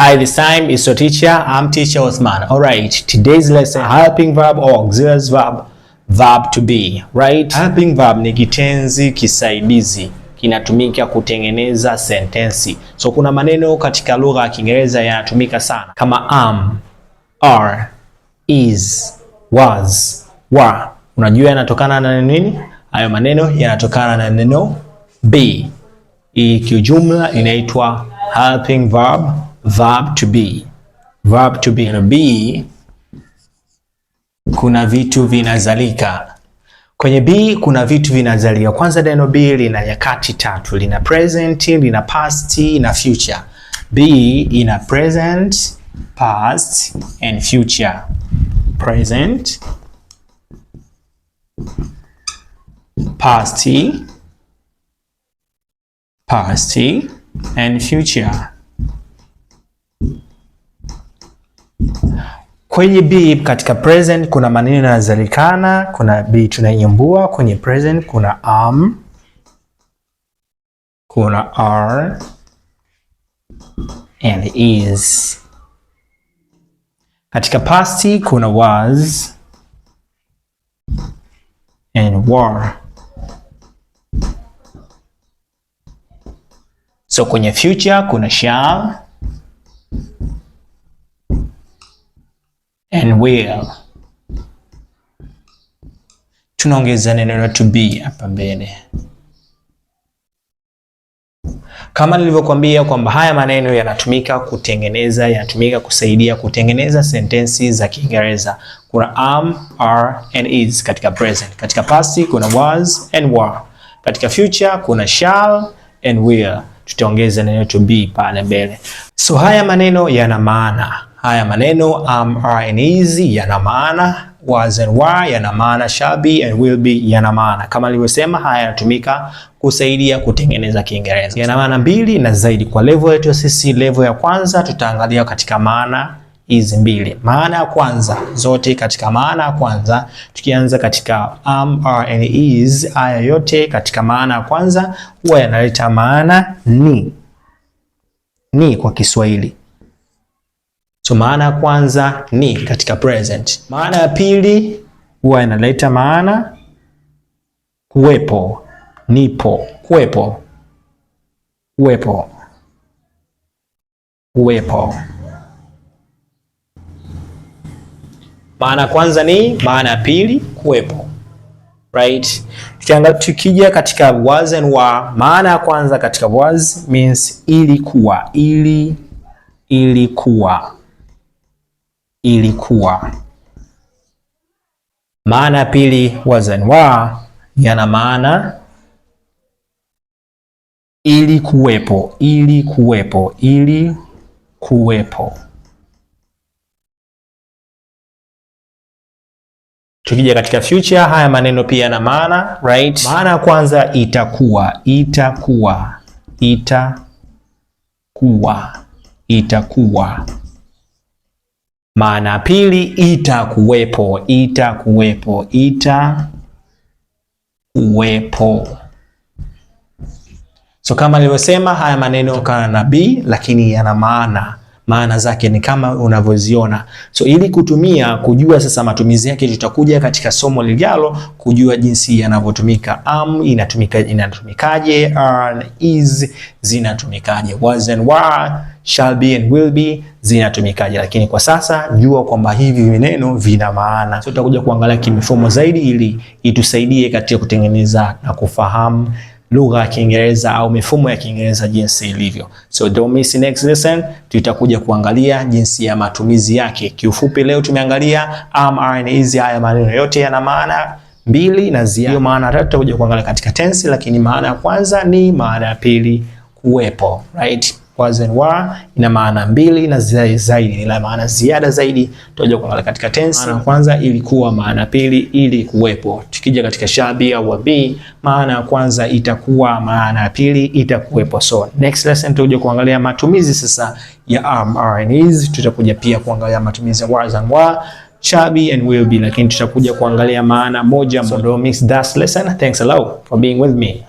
Hi, this time is your teacher. I'm teacher Osman. All right, today's lesson, helping verb or auxiliary verb, verb to be, right? Helping verb ni kitenzi kisaidizi kinatumika kutengeneza sentensi. So kuna maneno katika lugha ya Kiingereza yanatumika sana kama am, are, is, was, were. Unajua yanatokana na nini? Hayo maneno yanatokana na neno be. Hii kiujumla inaitwa helping verb verb to be. Verb to be na be, kuna vitu vinazalika kwenye be, kuna vitu vinazalika. Kwanza neno be lina nyakati tatu, lina present, lina past na future. Be ina present, past and future. Present, past, past and future Kwenye be katika present kuna maneno yanazalikana. Kuna be tunainyumbua kwenye present, kuna am, um, kuna are and is. Katika past kuna was and were. So kwenye future kuna shall will. Tunaongeza neno la to be hapa mbele kama nilivyokuambia kwamba haya maneno yanatumika kutengeneza, yanatumika kusaidia kutengeneza sentensi za Kiingereza. Kuna am, are and is katika present, katika past kuna was and were, katika future kuna shall and will. Tutaongeza neno to be pale mbele. So haya maneno yana maana haya maneno am, are and is yana maana, was and were yana maana, shall be and will be yana maana. Kama nilivyosema, haya yanatumika kusaidia kutengeneza Kiingereza. Yana maana mbili na zaidi. Kwa level yetu sisi, level ya kwanza tutaangalia katika maana hizi mbili. Maana ya kwanza zote, katika maana ya kwanza tukianza katika am, are and is, haya yote katika maana ya kwanza huwa yanaleta maana ni ni kwa Kiswahili So maana ya kwanza ni katika present. Maana ya pili huwa inaleta maana kuwepo, nipo, kuwepo, kuwepo, kuwepo. Maana ya kwanza ni, maana ya pili kuwepo. Right? Tukija katika and wa maana ya kwanza katika was means ilikuwa, ili ilikuwa ilikuwa. Maana ya pili, wazan wa yana maana ili kuwepo, ili kuwepo, ili kuwepo. Tukija katika future, haya maneno pia yana maana right. Maana ya kwanza itakuwa, itakuwa, itakuwa, itakuwa maana ya pili itakuwepo, itakuwepo, itakuwepo. So kama nilivyosema, haya maneno kana na B, lakini yana maana maana zake ni kama unavyoziona. So ili kutumia kujua sasa matumizi yake, tutakuja katika somo lijalo kujua jinsi yanavyotumika. Am inatumika, inatumikaje? Are, is zinatumikaje? Was and were shall be and will be zinatumikaje, lakini kwa sasa jua kwamba hivi vineno vina maana. So tutakuja kuangalia kimifumo zaidi ili itusaidie katika kutengeneza na kufahamu lugha ya Kiingereza au mifumo ya Kiingereza jinsi ilivyo. So don't miss next lesson, tutakuja kuangalia jinsi ya matumizi yake. Kiufupi leo tumeangalia am, are and is. Haya maneno yote yana maana mbili na ziada. Hiyo maana tatu tutakuja kuangalia katika tense, lakini maana ya kwanza ni maana ya pili kuwepo, right? wazn wa ina maana mbili na zaidi, ina maana ziada zaidi. Tutakuja kuangalia katika tense, maana kwanza ilikuwa, maana pili ili kuwepo. Tukija katika shabi au wabi, maana ya kwanza itakuwa, maana ya pili itakuwepo. So next lesson tutakuja kuangalia matumizi sasa ya am, are, and is. Tutakuja pia kuangalia matumizi ya was and were chabi and will be, lakini tutakuja kuangalia maana moja. So don't miss that lesson. Thanks a lot for being with me.